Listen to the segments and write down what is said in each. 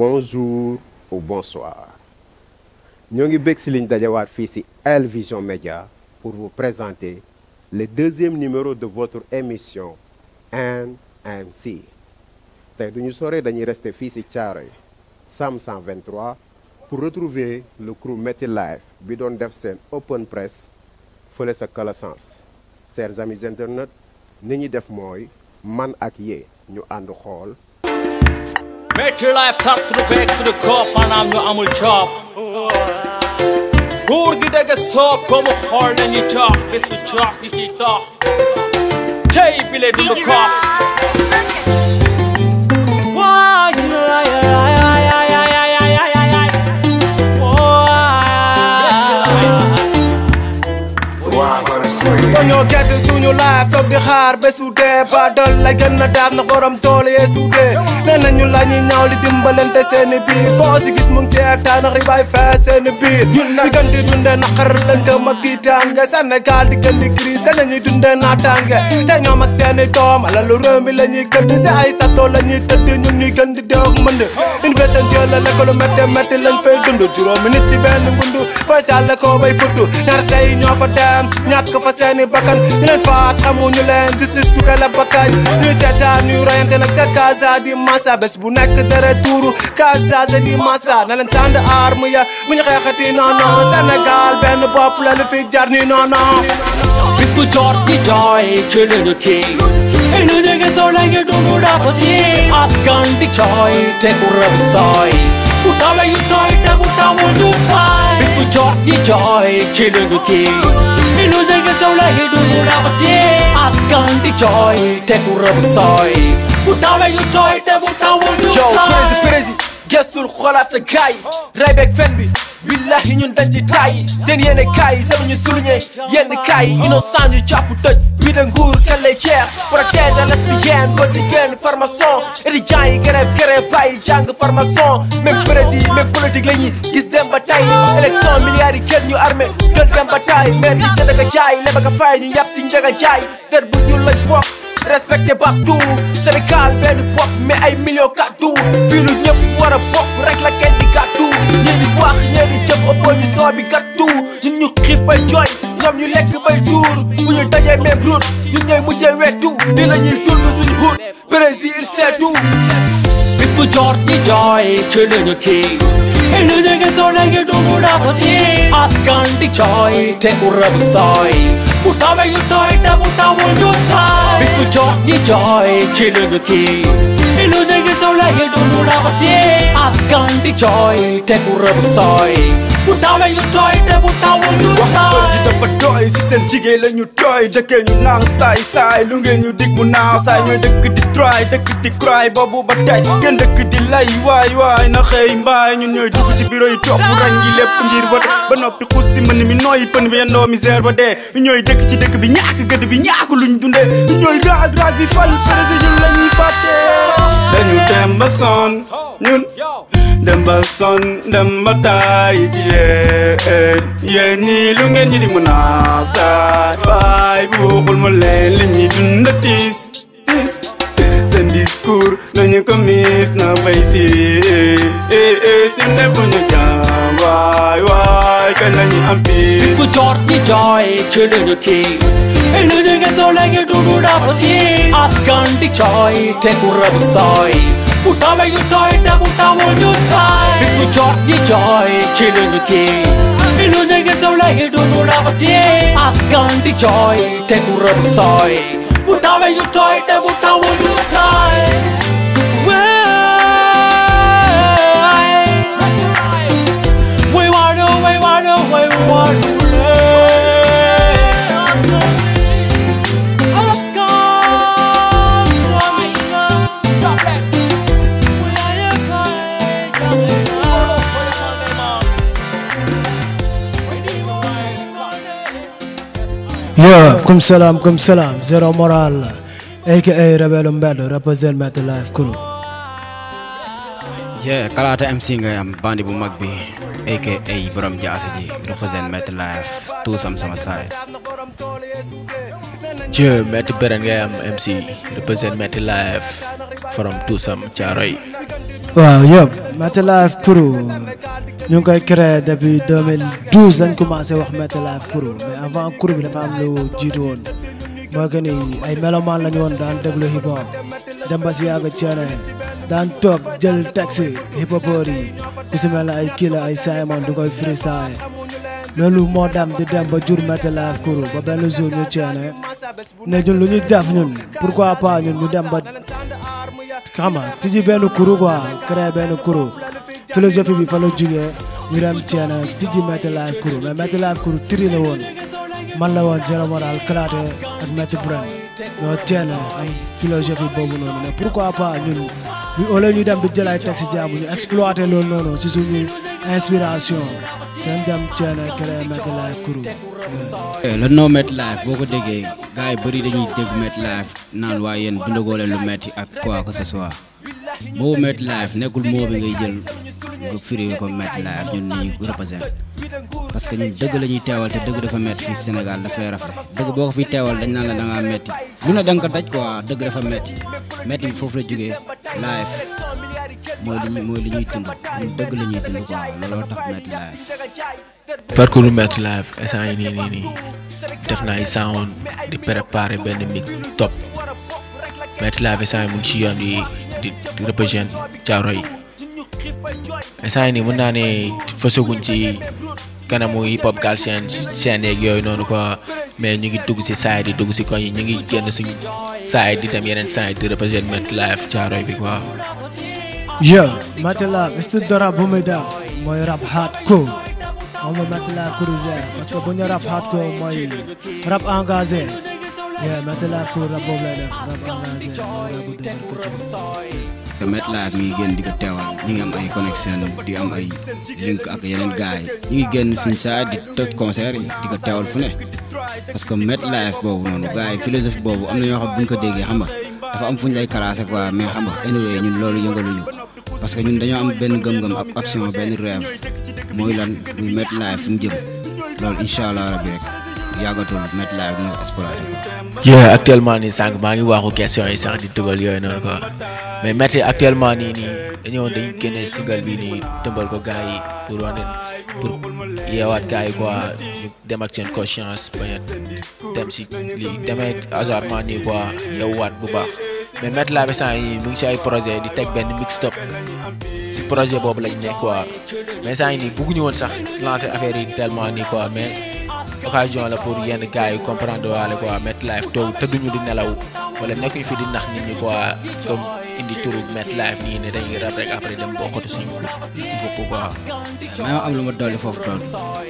bonjour ou bonsoir Nous ngi bég liñ dajawaat Vision Media pour vous présenter le deuxième numéro de votre émission NMC tey duñu sore dañuy rester fii si Thiaroye SAM 123 pour retrouver le crew Metal Life bi doon def open press fële sa Calassens chers amis internautes ni ñuy def mooy man ak yee ñu ànd xool Make your life tough to the back to the cop and I'm the amul chop. Kurdi dege sop komu harlen you talk, bis tu talk, dis you talk. Jay bile du the dañoo gedd suñu live toog di xaar bésu dee ba dal la gën a daag na borom tool yee su dee nee nañu la ñuy ñaaw li dimbalante seeni biir koo si gis mu ngi seetaan ndax ribaay fee seeni biir di gën di dundee naqar lante mag tiitaange Sénégal di gën di crise danañuy dundee naataange te ñoom ak seeni doom alalu réew mi la ñuy gëdd si ay sato la ñuy tëdd ñun ñuy gën di deew ak mënd investisseur la lekk lu métti métti lañ fay dund juróomi nit ci benn gund fay tàlle koo bay fudd ñaar tey ñoo fa dem ñàkk fa seeni bakkan Ilan faatamu nyulen jisistuu ca Nisiadaa di Massa kaasaa bu Besbunak dara turu kaasaa sedimasaa Nalan sanda armiya minyakakati nono Senegal ben fi jar ni non nono Bisku di joy ci ñu la chile the king Inu jenge solange dungu dafati di joy te ku soy. tekura visai yu toy te buta wujutai Bisku jorti joy chile the king Minus losing is so late to you have a day joy, take a rub soy Put down a you toy, they Yo, crazy, crazy gëstul xoolaat sa gaay rey beeg fen bi billahi ñun dañ ci taay seen yenn kaay yi seen ñu souligné yenn kaay yi innocent ñu jàpp tëj wi de nguur kan lay jeex protéger lesbienne politicienne formation étudiants yi grève grève bàyyi jàng formation même président même politique la ñuy gis dem ba tay élection milliards yi kenn ñu armé gën dem ba tay maître yi ca dëgg jaay leba ka fay ñu yàpp si njëg a jaay tët bu ñuul lañ foog respecté partout Sénégal benn bopp mais ay millions kàddu fii lu ñëpp war a bokk rek la kenn di gàddu ñii di wax ñii di jëf opposition bi gàddu ñun ñu xiif bay jooy ñoom ñu lekk bay duur bu ñu dajee même route ñun ñooy mujjee wetu di la ñuy dund suñu hut Brésil c'est tout Ku jorti joy chöne jo kings Enu dege sone ge dungu da fati Askanti joy te urab soy Buta me yuto ita buta wo jo tai Bisku jorti joy chöne jo kings Enu dege sone ge dungu da fati Askanti joy te urab soy Butaw lañu tooy te butaw ñu tooy wax ji dafa tooy si seen jigéen la ñu tooy dëkkee ñu naax saay saay lu ngeen ñu dig mu naax saay ñooy dëkk di try dëkk di cry boobu ba tey ngeen dëkk di lay waay waay na xëy mbaay ñun ñooy dugg ci bureau yi topp rang yi lépp ngir vote ba noppi xuus si mën mi nooyi pën bi yendoo misère ba dee ñooy dëkk ci dëkk bi ñàkk gëdd bi ñàkk luñ dundee ñooy raag raag bi fal président la ñuy fàttee dañu dem ba sonn ñun dem ba son dem ba tay ye ye ni lu ngeen ni di mën a taay faay bu waxul mu leen li ñi dund tiis seen discours nañu ko mis na fay si eh eh, eh si ndem bu ñu jaam waay waay kañ la ñu am piis bis bu jot ñi jooy ci lu ñu kiis ay e lu ñu nga soo léegi dundu dafa tiis askan di jooy te ku rabu một ta lấy được thôi ta một ta một chút thay biết một chót như trời chỉ lừa như kia đi luôn nhanh cái sau lấy đôi đồ nào vật đi ascan đi trời thế cũng rớt soi một ta lấy được thôi ta một ta một chút thay We want to, we want to, we want to Kum salam, kum salaam Zero Moral, aka Rebel Umbedo, represent Metal Life Crew. Yeah, Kalata MC ngay am bandi bu mag bi aka borom jaase ji represent Metal Life tout sam saay. Yeah, Metal Beren ngay am MC represent Metal Life from tout sam Waaw, yëpp Metal Life ñu ngi koy créé depuis 2012 lañ commencé wax Metti Life crew fa avant crew bi dafa am lu jiitu woon moo que ni ay melomaan lañu woon daan déglu hip hop dem ba si yàgg ceene daan toog jël taxi hip hopeur yi ku si mel ay Killa ay Simon du koy freestyle loolu moo dam di dem ba jur Metti Life crew ba benn jour ñu ceene ne ñun lu ñuy def ñun pourquoi pas ñun ñu dem ba xam nga tijji benn crew quoi créé benn crew philosophie bi fa la jugee ñu dem Thièna tijji Maître Laye Cour mais Maître Laye Cour tiri la woon man la woon Zéro Moral Kalaate ak Maître Brand ñoo Thièna am philosophie boobu noonu mais pourquoi pas ñun ñu au lieu ñu dem di jël ay texte jaamu ñu exploité loolu noonu si suñu inspiration seen dem Thièna créé Maître Laye Cour. Euh, lan noo Maître Laye boo ko déggee gars yi dañuy dégg Maître Laye naan waaye yéen bindagoo leen lu metti ak quoi que ce soit boobu grup firi ko metti la ak ñun ni ñu représenté parce que ñun dëgg la ñuy teewal te dëgg dafa met fii Sénégal dafay rafet dëgg boo ko fi teewal dañ met. la da ngaa metti lu ne da nga ko daj quoi dëgg dafa metti metti bi la jógee live mooy li mooy li ñuy tund ñun dëgg la tund quoi looloo tax metti live parcours met live instant yi nii nii def naa ay sound di préparer benn mix top Met live instant yi mu ci yoon di di représente caaroy saa nii mën naa ne fësaguñ ci kanamu hip hop Galsen seen yeeg yooyu noonu ko mais ñu ngi dugg si saa di dugg si koñ yi ñu ngi génn suñu saa di dem yeneen saa di represent live caaroy bi quoi. yo Matela Mr Dora Bumeda mooy rap hardcore moom mooy Matela parce que bu ñu rap hardcore mooy rap engagé. yo Matela Cour rap boobu lay def que Maître Laye mi ngi génn di ko teewal ñi ngi am ay connexion di am ay link ak yeneen gars ñu ngi génn suñ saa di toj concert yi di ko teewal fu ne parce que Maître Laye boobu noonu gars philosophie boobu am na ñoo xam bu ñu ko déggee xam nga dafa am fu ñu lay classé quoi mais xam nga anyway ñun loolu yëngaluñu parce que ñun dañoo am benn gëm-gëm ak action benn rêve mooy lan muy Maître Laye fu mu jëm loolu incha allah rabbi rek. yàggatul Metty Live mu ngi exploité actuellement nii sànq maa ngi waxu question yi sax di tëbal yooyu noonu quoi mais Metty actuellement nii nii dañoo dañu génne single bi nii tëbal ko gars yi pour wane pour yeewaat gars yi quoi ñu dem ak seen conscience bañ a dem si lii demee hasardement nii quoi yeewaat bu baax. mais Metty Live sant yi mu ngi si ay projet di teg benn mixtape si projet boobu lañ nekk quoi mais sant yi nii bugguñu woon sax lancer affaire yi tellement nii quoi occasion la yi comprendre waale quoi MetLife taw tëdduñu di nelaw wala nekkuñu fi di nax nit am lu ma dolli foofu tool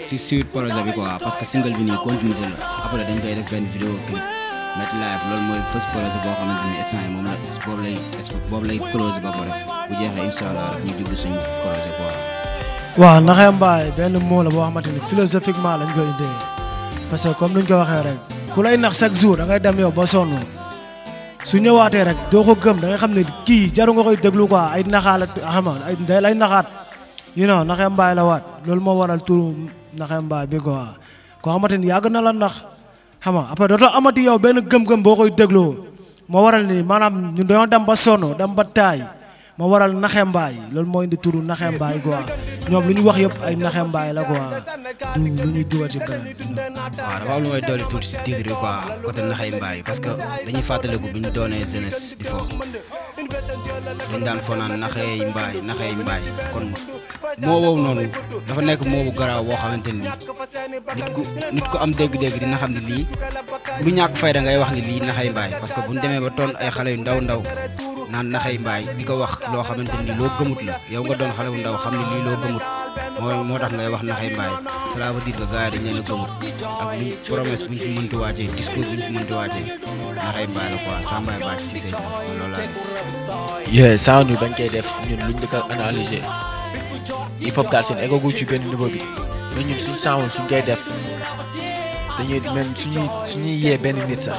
si suite projet bi quoi parce que single bi nii continuité la après dañ koy def benn vidéo clip MetLife loolu mooy first projet boo xamante boobu lay close ba pare bu jeexee incha ñu jublu suñu projet quoi. waaw naxee mbaay benn mot la boo xamante ni philosophiquement lañ koy indee parce que comme luñ ko waxee rek ku lay nax chaque jour da ngay dem yow ba sonn su ñëwaatee rek doo ko gëm da xam ne kii jaru nga koy déglu ko ay naxaala xam ay day lay naxaat you know naxee mbaay la waat loolu moo waral turu naxee mbaay bi quoi koo xamante ni yàgg na la nax xam nga après dootoo amati yow benn gëm-gëm boo koy dégloo moo waral ni maanaam ñun dañoo dem ba sonn dem ba taay moo waral naxee mbaay loolu moo indi turu naxee ñoom lu ñu wax yëpp ay naxe mbaay la quoi du lu ñuy dugal ci benn. waaw dafa am lu may dolli tuuti si titre bi quoi côté naxey mbaay parce que dañuy fàttaliku bi ñu doonee jeunesse di fo dañ daan fo naan naxey mbaay naxey mbaay kon moo wow noonu dafa nekk moo bu garaaw woo xamante ni nit ku nit ku am dégg-dégg dina xam ne lii bu ñàkk fayda ngay wax ni lii naxey mbaay parce que bu ñu demee ba ton ay xale yu ndaw ndaw. naan naxay mbaay di ko wax loo xamante ni loo gëmut la yow nga doon xale bu ndaw xam ne lii loo gëmut moo moo tax ngay wax naxay mbaay cela veut dire que gars yi dañ leen a gëmut ak luñ promesse buñ fi mënti waajee discours buñ fi mënti waajee naxay mbaay la quoi sàmbaay baat si say loolu laa gis. yooyu saa ñu bañ koy def ñun luñ di ko analyser hip hop daal seen eggagu ci benn niveau bi mais ñun suñ saawul suñ koy def dañuy même suñuy suñuy yee benn nit sax.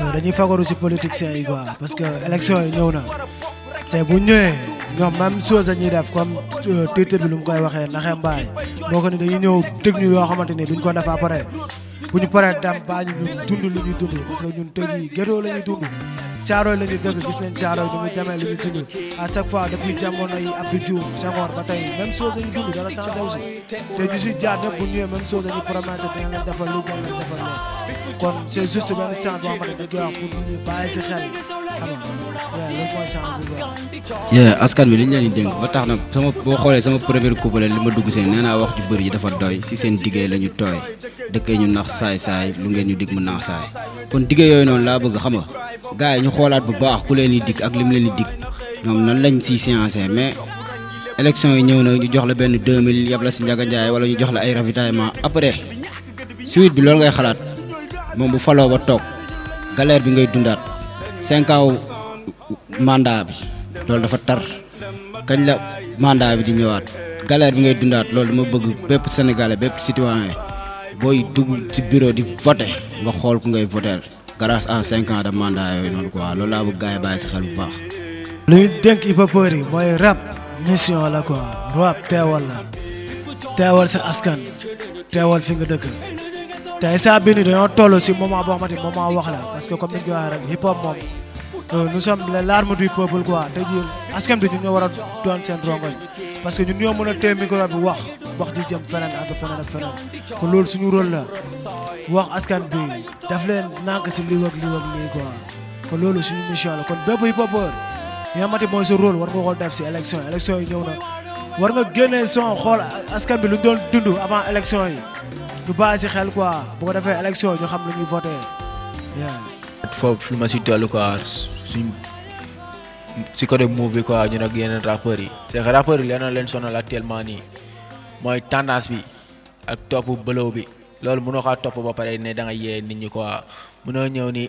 Euh, dañuy fagaru si politiciens yi quoi parce que élection yi ñëw na te bu ñëwee ñoom même chose ñuy def comme euh, Twitter bi lu mu koy waxee naxee mbaay moo ko ni dañuy ñëw tëg ñu yoo xamante ni duñ ko def après bu ñu paree dem baa ñu lu ñuy dund parce que ñun tëj yi ñuy dund. caaro la ñu dëkk gis nañ Caaroy ba muy demee li ñu dund à chaque fois depuis jamono yi Abdou Diouf Senghor ba tey même chose la ñu dund dara changé aussi te ñu jaar ñëpp bu ñëwee même chose la ñu promettre dina leen defal lu gën kon c'est juste benn changement boo xam ne dañ koy wax pour xel. yeah askan wi li ñu leen di dénk ba tax na sama boo xoolee sama première couplet li ma dugg seen nee naa wax ju bëri ji dafa doy si seen diggéey lañu ñu tooy dëkkee ñu nax saay-saay lu ngeen ñu dig mu nax saay kon diggéey yooyu noonu laa bëgg xam nga gars yi ñu xoolaat bu baax ku leen di dig ak lim leen di dig ñoom nan lañ siy séancé mais élection yi ñëw na ñu jox la benn 2000 yab la si Ndiaga Ndiaye wala ñu jox la ay ravitaillement après suite bi lool ngay xalaat moom bu faloo ba toog galère bi ngay dundaat cinq ans mandat bi lolou dafa tar kagn la mandat bi di ñëwaat galère bi ngay dundaat lolou dama bëgg bëpp sénégalais bëpp citoyen boy dugg ci bureau di voter nga xol ku ngay voter grâce à 5 ans de mandat yoy non quoi lolou la bu gaay baay bàyyi xel bu baax luy denk dénk hip-hopeur yi mooy rap mission la quoi rap téwal la téwal sa askan téwal fi nga dëkk te instant bii nii dañoo toll si moment boo xamante ni moment wax la parce que comme ni ñu ko waxee hip hop moom euh, nous sommes les larmes du peuple quoi te ji askan bi ñun ñoo war a doon seen rongoñ parce que ñun ñoo mën a téye micro bi wax wax ji jëm feneen ak feneen ak feneen ko loolu suñu rôle la wax askan bi daf leen nànk si lii loolu suñu mission la kon bépp hip hopeur yi nga xamante mooy sa rôle war nga ko def si élection élection yi ñëw na war nga génnee son xool askan bi yi ñu bàyyi si xel quoi bu ko defee élection ñu xam lu ñuy voté waaw. foofu lu ma si toll quoi suñ si côté move bi quoi ñun ak yeneen rappeurs yi. c'est que yi leneen leen sonal actuellement nii mooy tendance bi ak topp bëlëw bi loolu mënoo kaa topp ba pare ne da nga yee nit ñi quoi mënoo ñëw nii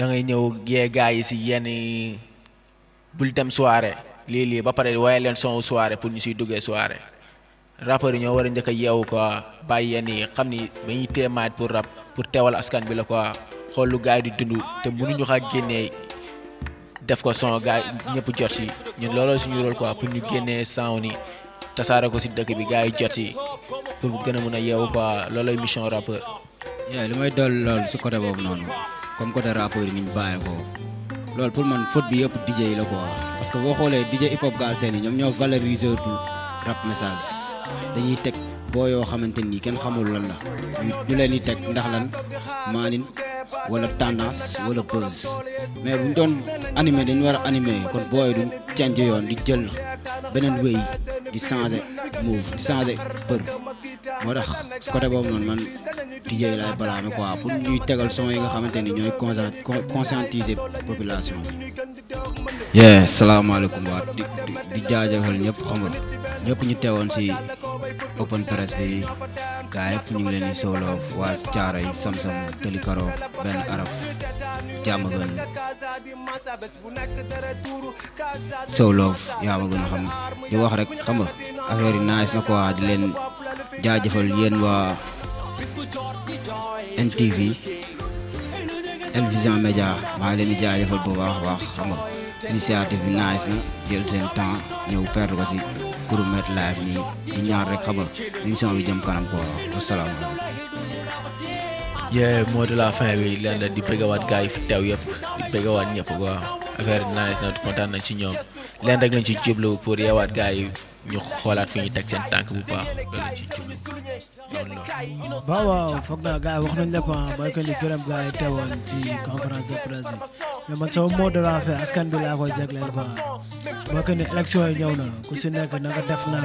da ngay ñëw yee gars yi si yenn bul dem soirée lii lii ba pare waaye leen son soirée pour ñu siy duggee soirée. rappeurs yi ñoo war a njëkk a yeewu quoi bàyyi yenn yi xam ni ba ñuy téemaat pour rap pour teewal askan bi la quoi xool lu gars yi di dund te mënuñu xaa génnee def ko son gars ñëpp jot si ñu looloo suñu rôle quoi pour ñu génnee son ni tasaare ko si dëkk bi gars yi jot si pour gën a mën a yeewu ko loolooy mission rappeur. yaa li may dool lool si côté boobu noonu comme côté rappeur yi ni ñu bàyyi ko loolu pour man faute bi yëpp DJ la quoi parce que boo xoolee DJ hip hop rap message dañuy teg boo yoo xamante nii kenn xamul lan la ñu leen di teg ndax lan maanin wala tendance wala buzz mais bu ñu doon animé dañu war a animé kon booy du change yoon di jël beneen wéy di changé move di changé për moo tax côté boobu noonu man DJ laay balaame quoi pour ñuy tegal son yi nga xamante ni ñooy conscientiser population bi yee salaamaaleykum waa di di jaajëfal ñëpp xam ñu teewoon si open press bi gaa yëpp ñu ngi leen di sooloof waa Caaroy Samsam Telikaro benn araf jàmm gën sooloof xam di wax rek xam nga affaire yi nice na quoi di leen jaajëfal yéen waa NTV maa leen di jaajëfal bu baax a baax initiative bi nice na jël seen temps ñëw perdre ko si bi jëm kanam koo wasalaamaaleykum. yee fin bi lenn di bëggawaat gars yi fi teew yëpp di bëggawaat ñëpp quoi affaire bi nice na ci ñoom lenn rek lañ ci jublu pour yeewaat gars ñu xoolaat fi ñuy teg seen tànk bu baax waaw waaw foog naa gars yi wax nañ lépp ah, mooy que ni gërëm gars yi teewoon ci conférence de presse bi mais man sama mot de la fin askan bi laa koy jagleel quoi mooy que ni yi ñëw na ku si nekk na def naa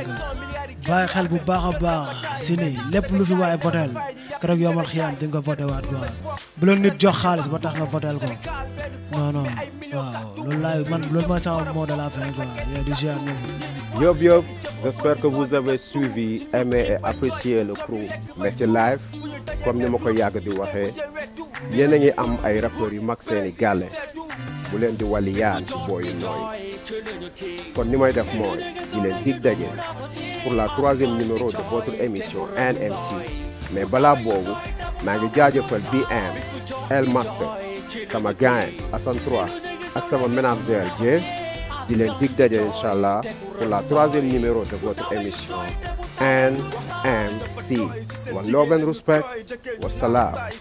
bàyyi xel bu baax a baax si ni lépp lu fi waaye votel keroog yomal xiyaam di nga ko voté waat quoi bu la nit jox xaalis ba tax na votel ko non non waaw loolu laay man loolu mooy sama mot de la fin quoi yow di ziar ñëpp. yëpp yëpp j'espère que vous avez suivi aimé ci live comme ni ma koy yàgg di waxee yéen a ngi am ay rappeurs yu mag seeni gàlle bu leen di wàlli yaan kon ni may def mooy di leen dig daje pour la troisième numéro de votre émission NMC mais balaa boobu maa ngi jaajëfal BM El Master sama gain Assane 3 ak sama ménagère Dieng di leen dig daje incha allah la troisième numéro de votre émission and and see. One love and respect. Wassalam.